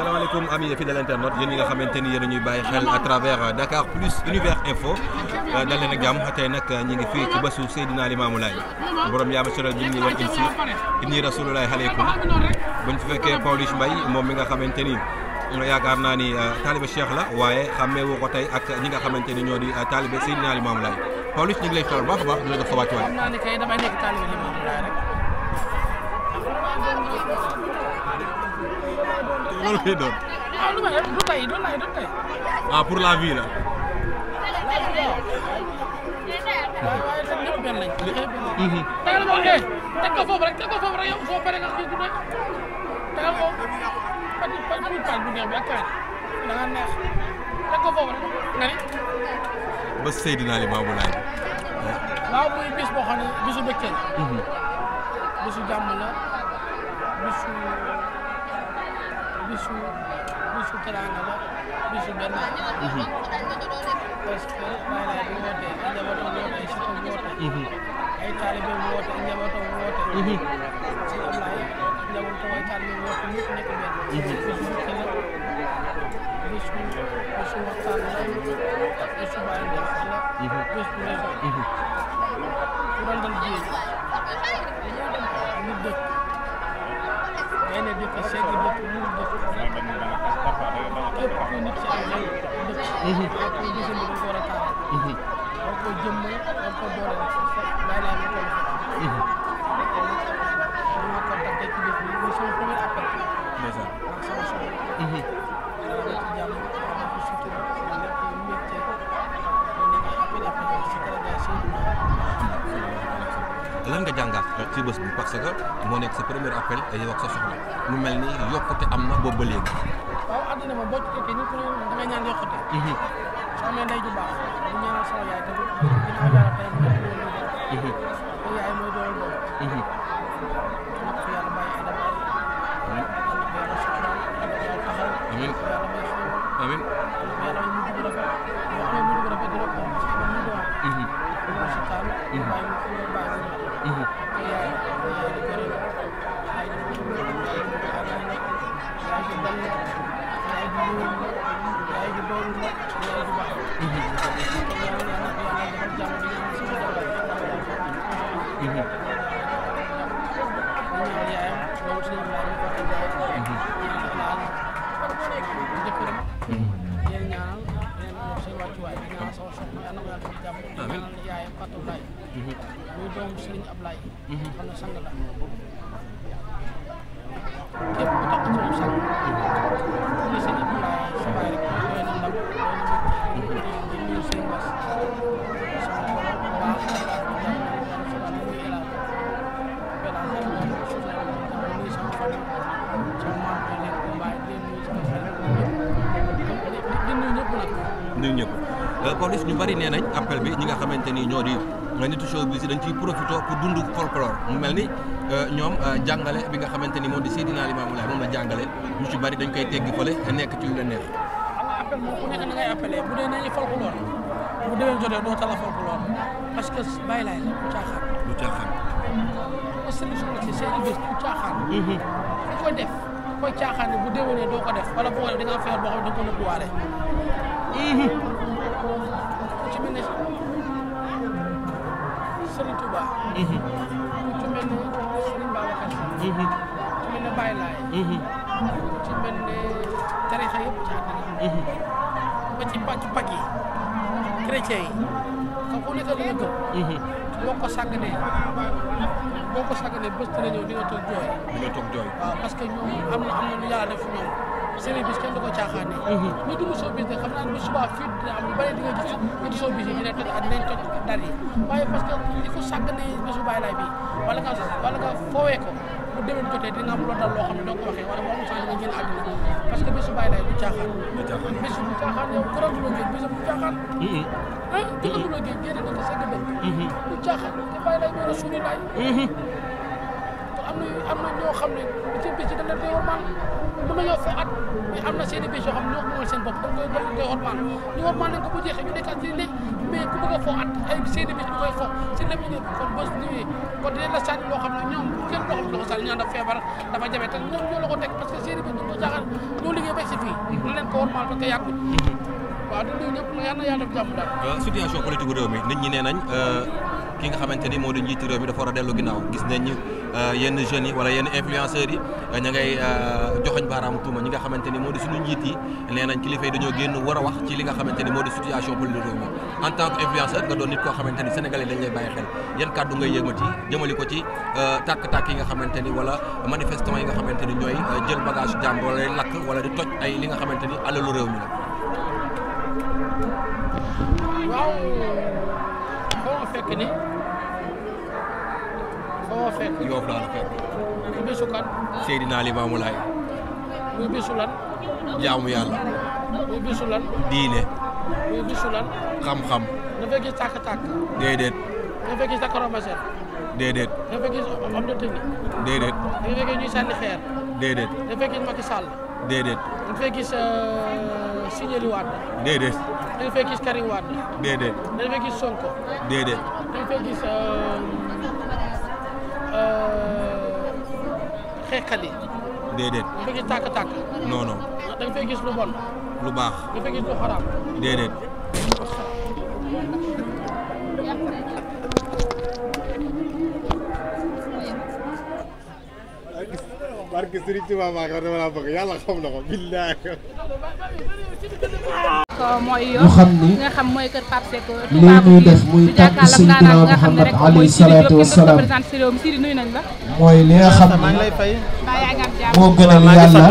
salaamaaleykum amis fidèles internautes yéen ñi nga xamante ni yéen ñuy bàyyi xel à travers euh, Dakar plus univers info euh, dal leen ak jàmm tey nag euh, ñu ngi fii ci bésu Seydina Limaamu Laay borom yaa ma sonal bi ñuy wan in si inni rasulullahi aleykum buñ fi fekkee Pawlish Mbaye moom mi nga xamante ni yaakaar naa ni taalibe Cheikh la waaye xàmmee woo ko tey ak ñi nga xamante ni ñoo di taalibe Seydina Limaamu Laay Pawlish ñu ngi lay xool baax a baax di la jox sa wàccuwaay damay nekk taalibe Limaamu Laay rek loolu lay doon. ah lu may du tey du lay du tey. ah pour la vie mhm. la. Mhm. la bisu. bisu bisu teraanga la bisu benn parce que maanaam bu wootee ay njabootam wootee si ko woote ay taalibe woote ay njabootam woote mhm. si am na ay njabootam ay taalibe woote ñëpp nekk benn mhm. bisu wukki la bisu bisu waxtaan la bisu bàyyi la mhm. bisu réseau ku randal jiw day na dëkk seen i dëkk mu dëkk képp ku nit ci am lay dëkk képp ku gisul lu ko war a taal war ko jëmmal war ko doole ma ko ñu ma contacté ci dëkk bi muy sama premier appel ndax sama soxla ci jàmm lan jànga jàngaat ci bés bi parce que moo nekk sa premier appel yow ak sa soxla mu mel ni yokkute am na boobu ba léegi. waaw àddina moom boo ci fekkee nit mhm. baax muy doomu Serigne Ablaye. xam na sang la. Pawlish euh, ñu bari nee nañ appel bi ñi nga xamante ni ñoo di nitu show bi si dañ ciy profité pour dund folklore mu mel ni euh, ñoom euh, jàngale bi nga xamante ni moom di Seydina Limaamu Laay moom la jàngale ñu ci bari dañ koy teggi fële nekk ci lu leen neex. xam nga appel moom ku nekk na ngay appelé bu dee nañu folklore bu déwén jotee doo tala folklore parce que bàyyi laay la bu caaxaan. bu caaxaan. parce que solution la ci seen i bés bu caaxaan. Mhm. ku koy def ku koy caaxaan bu déwénee doo ko def wala boo ko def da ngaa feebar boo xam ne da nga ko nëbbuwaale. Mhm. ku ci mel ne Serigne Touba. ku ci mel ne Serigne Babacar Sy. ku ci mel tarixa yëpp ci àddina. ba ci pàcc pàcc yi chrétien yi ka ku nekk la nga gëm. boo ko sàgganee boo ko sàgganee bés dina ñëw di nga toog jooy. di nga toog jooy waaw que na am na lu yàlla def fi sëriñ bis kenn du ko caaxaane mhm. ñu dund showbiz ne xam naa ne bu subaa fii dina am lu bëri gis ci showbiz yi ñu ne toj at nañ toj dar yi waaye parce que li ko sàgg ne bésu bàyyi laay bi wala nga wala nga foowee ko bu demee côté dina am dal loo xam ne doo ko waxee wala moom sax nga génn àddina parce que bésu bàyyi laay du caaxaan bésu bu caaxaan yow ku rëbb am na am na ñoo xam ne seen bis yi dañ leen koy wormaal mën nañoo at mais am na seen i bis xam ne ñoo ko moom seen ñu wormaal nañ ko bu jeexee ñu a i bis bu koy fo si la xam ne ñoom feebar dafa jafe te ñoom ñoo ko teg parce que seen i bis liggéey ba si fii mhm. dañ leen ko wormaal parce que yàggul waaw dañ ñëpp yàlla na yàlla def jàmm daal situation politique réew mi nit ñi nee nañ euh, ki nga xamante ni moo di njiitu réew mi dafa war a dellu ginnaaw gis nañ ni euh, yenn jeunes yi wala yenn influenceurs yi euh, ña ngay euh, joxoñ baaraam tuuma ñi nga xamante ni moo di suñu njiit yi nee kilifa yi dañoo génn war a wax ci li nga xamante ni moo di situation politique réew mi en tant que nga doon nit koo xamante ni sénégalais dañ lay bàyyi xel yan kàddu ngay yëngati jëmali ko ci tàkk-tàkk yi nga xamante ni wala manifestant yi nga xamante ni ñooy jël bagage jàmm wala lakk wala di toj ay li nga xamante ni alalu réew mi fekk yoof laa la fekk ci bésu kan muy bésu lan jaamu yàlla muy bésu lan diine muy bésu lan xam-xam dafa gis tàkk-tàkk déedéet dafa gis tàkk romaset déedéet dafa gis homme de technique déedéet dafa gis ñuy sànni xeer déedéet dafa gis gis Signali déedéet dañ fay gis Karim déedéet dañ fay gis Sonko déedéet Euh, xeexkat yi. déedéet. da nga gis tàkk-tàkk. non non. Ah, da nga fay gis lu bon. lu baax. da nga fay gis lu xaraam. déedéet. barke Serigne Touba maa ko dama laa bëgg yàlla xam na ko billaahi mooy yoo nga xam mooy kër Pape Seck lii ñuy def muy tàgg Seydina Mouhamed alayhi salaatu wa salaam mooy li nga xam ne moo gënal yàlla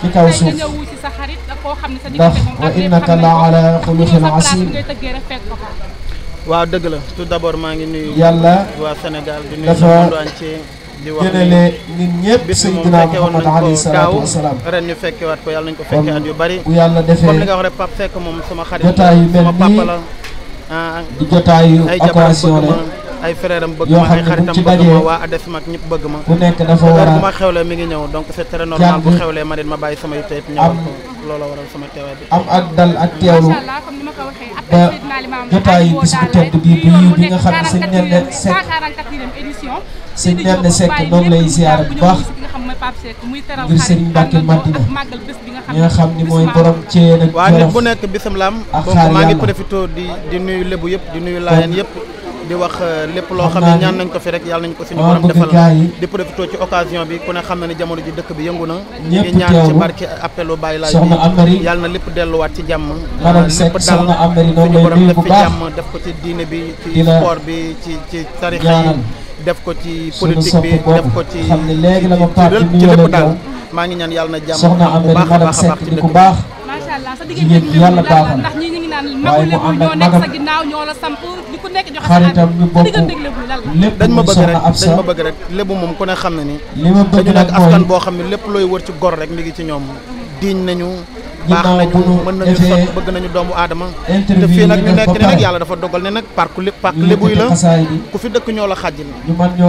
ci kaw suuf ndax wa innaka la ala xuluqin asim waaw dëgg la tout d'abord maa ngi nuyu waa Sénégal di nuyu monde entier jëlale nit ñëpp Seydina Muhammad alayhi salaatu wa salaam ren ñu fekkewaat ko yàlla nañ ko fekke at yu bari yàlla defee comme li nga wax rek Pape Seck moom sama xarit jotaay yu mel nii ah, ah. di jotaay yu occasion la ay frère am bëgg ma ay xaritam bëgg ma waa ADESM ak ñëpp bëgg ma ku nekk dafa war a bu ma xewlee mi ngi ñëw donc c'est très normal bu xewlee ma nit ma bàyyi sama yitte yëpp looloo waral sama bi. am ak dal ak teewlu ba jotaayu bis bu bu yiw bi nga xam ne sëñ Nende Seck sëñ Nende Seck noonu lay ziyaara bu baax ngir Serigne Mbacke Madina ñi nga xam ni mooy borom cee nag. waaw bu nekk bisam la am. ak xaar yàlla maa ngi di di nuyu lébu yëpp di nuyu laayeen yëpp. di wax euh, lépp loo xam ne ñaan nañ ko fi rek yàlla ko suñu borom defal bi ku ne xam na ne jamono ji dëkk bi yëngu na ñu ngi ñaan ci barke appelu Baye Laay bi yàlla na lépp jàmm lépp dal suñu borom def fi jàmm def ko ci diine bi ci sport bi ci ci tarixa yi def ko ci politique bi def ko ci ci lépp daal maa ngi ñaan yàlla na jàmm bu baax a baax a baax waaye mu ànd ak magam xaritam ñu bokk dañ ma bëgg rek dañ ma bëgg rek lépp moom ku ne xam ne ni li ma bëgg nag askan boo xam ne lépp looy wër ci gor rek mi ngi ci ñoom diiñ nañu baax na mën nañu sot bëgg nañu doomu aadama te fii nag ñu nekk ni nag yàlla dafa dogal ne nag parc lépp parc lébuy la ku fi dëkk ñoo la xàjjil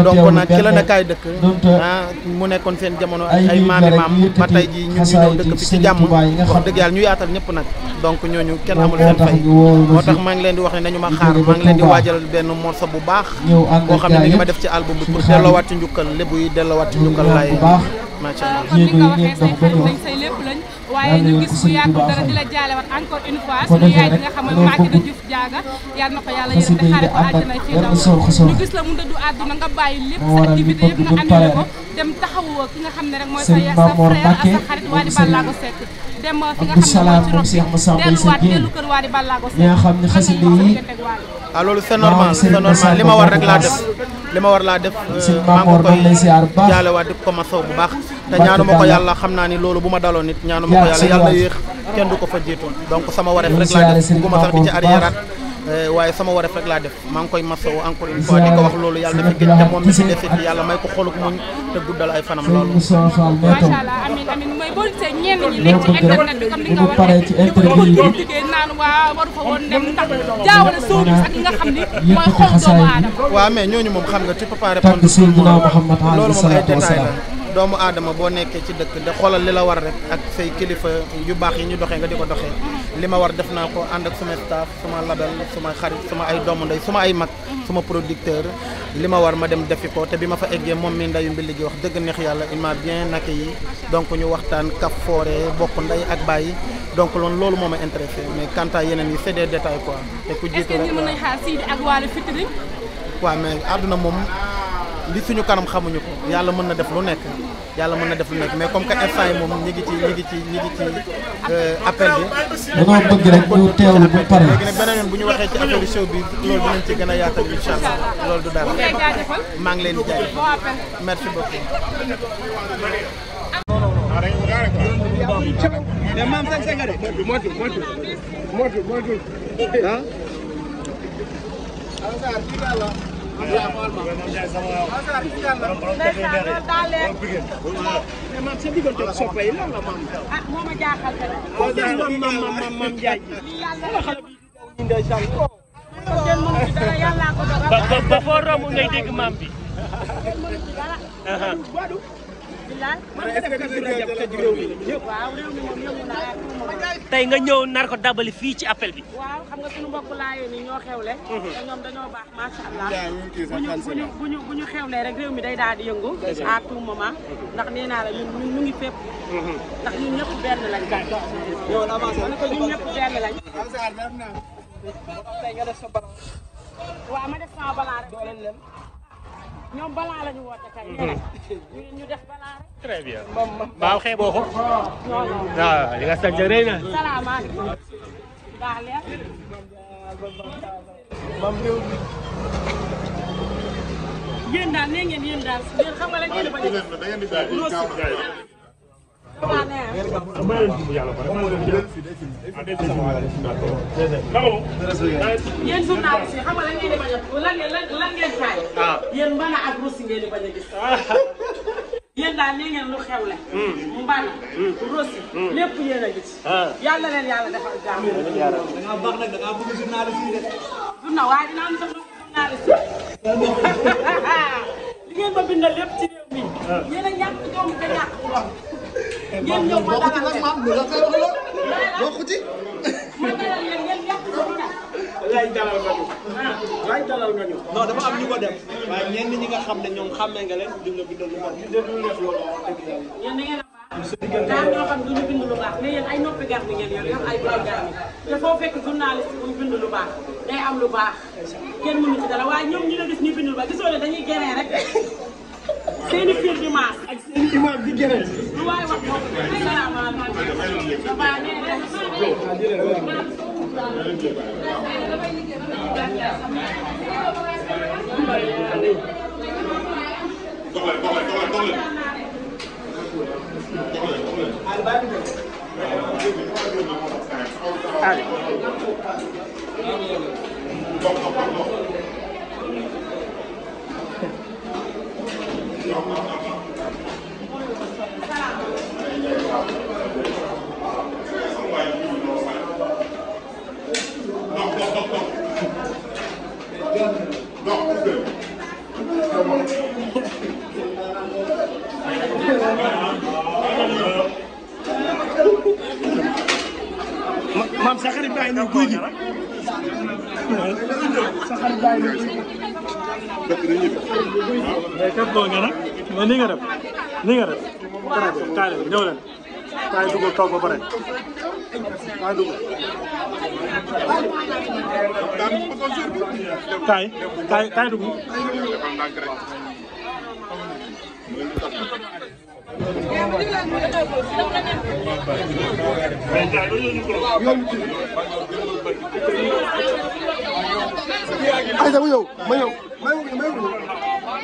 donc nag ci la nekkaay dëkk ah, mu nekkoon seen jamono ay maami maam ba tey ji ñun ñu ñëw dëkk fi ci jàmm wax dëgg yàlla ñu yaatal ñëpp nag donc ñooñu kenn amul seen fay moo tax maa ngi leen di wax ne nañu ma xaar maa ngi leen di waajal benn morceau bu baax boo xam ne ni ma def ci album bi pour delloowaat ci njukkal lébu yi delloowaat ci njukkal laay macha allah waaye ngi gis bu yàggul dara di la jaale wat encore une fois suñu yaay di nga xam ne Maguette Diouf Diaga yal na ko yàlla yërëm te xaare ko àjjana ci daw ñu nga bàyyi lépp sa activité yëpp nga annulé ko dem taxawoo ki nga xam ne rek mooy sa sa frère ak sa xarit Wally uh, nga xam yi li ma war rek laa def li ma war laa def maa ngi koy jaalewaat di ko masaw bu baax te ñaanu ma ko yàlla xam naa ni loolu bu ma daloon nit ñaanu ma ko yàlla yàlla yéex kenn du ko fa jiitu donc sama wareef rek laa def bugguma sax di Eh, waaye sama wareef rek laa def maa ngi koy masawu encore une fois di ko wax loolu yàlla dafa gën te moom mi fi desit yàlla may ko xoluk muñ te guddal ay fanam loolu. macha allah amiin amiin mooy ñenn ñi nekk ci internet bi comme ni nga waxee di ko di ko naan waa waru ko woon dem ndax jaawale sóobis ak li nga xam ni mooy xol doomu aadama. waaw mais ñooñu moom xam nga tu peux pas répondre loolu moom ay détails la. doomu aadama boo nekkee ci dëkk da xoolal li la war rek ak say kilifa yu baax yi ñu doxee nga di ko doxee li ma war def naa ko ànd ak suma staff suma label suma xarit suma ay doomu ndey suma ay mag suma producteur li ma war ma dem defi ko te bi ma fa eggee moom mi ndayu mbi gi wax dëgg neex yàlla il bien bien accueilli donc ñu waxtaan kaf foore bokk ndey ak bàyyi donc loolu loolu moo ma intéressé mais quant yeneen yi c'est des détails quoi te ku jiitu rek waaw mais àdduna li suñu kanam xamuñu ko yàlla mën na def lu nekk yàlla mën na def lu nekk mais comme que instant moom ñi ngi ci ñi ngi ci ñi euh, appel bi. dañoo bëgg rek ñu teewlu bu pare. léegi beneen yoon bu ñu waxee ci affaire show bi loolu dinañ ci gën a yaatal incha allah loolu du dara maa ngi leen di jaay merci beaucoup. man sa diggante ba foo romb ngay dégg maam bi. tey nga ñëw nar ko dabali fii ci appel bi. waaw xam nga suñu mbokk laayee ni ñoo xewle. Mhm. te ñoom dañoo baax macha bu ñu bu ñu bu rek réew mi day daal di yëngu. à tout moment mhm. ndax nee naa la ñun ñu ngi fépp. Mhm. ndax ñun ñëpp benn lañ. yow nga def sa balance. waaw ma def sama ñoom balaa la ñu woote kay. Mhm. ñu def balaa rek. très bien. mbaaw xeeboo ko. non non waaw ah, li nga sant rëy na. salaamaaleykum. baax leer. yéen daal nee ngeen yéen daal yéen xam nga la ngeen di bañ a. yéen journaliste yi xam nga lan ngeen di bañ a lan ngeen lan ngeen xaay. Ah. yéen mbana ak rosi ngeen di bañ a gis. yéen daal nee ngeen lu xewle. Hmm. mbana. Hmm. rosi. Hmm. lépp yéen a gis. Ah. yàlla leen yàlla defal jàmm. da ngaa baax nag da ngaa bëgg journaliste yi de. du na waaye dinaa am sax journaliste. li ngeen ma bindal lépp ci réew mi. Ah. yéen a ñàkk jom te ñàkk borom. ngeen ñëw ma dalal leen maam la koy wax lool bokku ci. ma dalal leen ngeen yàq lay dalal nga ñu. lay dalal nga ñu. non dafa am ñu ko def. waaye ñenn ñi nga xam ne ñoom xàmmee nga leen duñ la bindal lu baax. ñu def loolu dëgg yàlla. yéen da ngeen a baax. daal ñoo xam duñu bind lu baax ne yéen ay noppi gar bi ngeen yor yor ay boy gar bi te foo fekk journaliste buy bind lu baax day am lu baax kenn mënu ci dara waaye ñoom ñu la gis ñu bind lu baax gisoo ne dañuy geree rek seen i pire dimanche. ak seen i imam di gërëm. lu waay wax moom salaamaaleykum. maam sa xarit bàyyi na guy gi sa xarit bàyyi na guy gi mais nii nga def nii nga def kaay la ñëw leen kaay dugg toog mais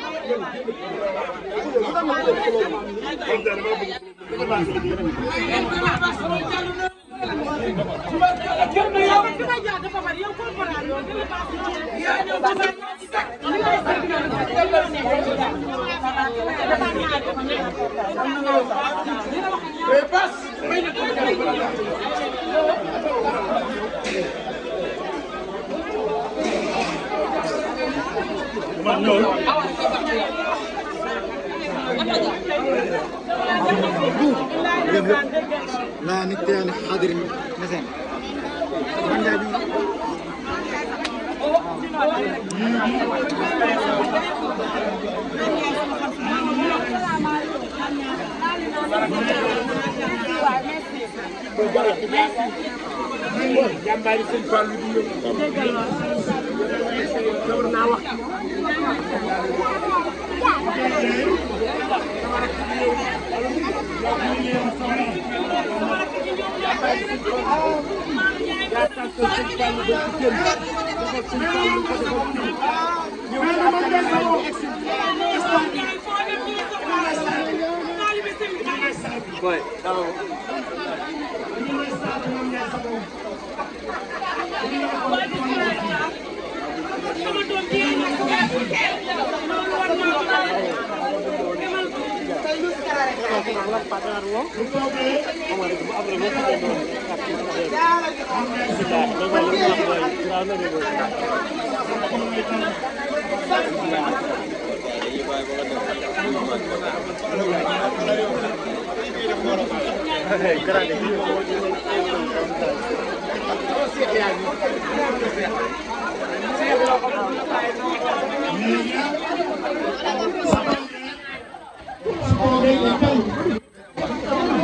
passe man loolu لا نكتي عن حاضر مثلا من جاي Jambari sëñ Fallu di ñëw. But, um, പതിനാറുവോ Thank you.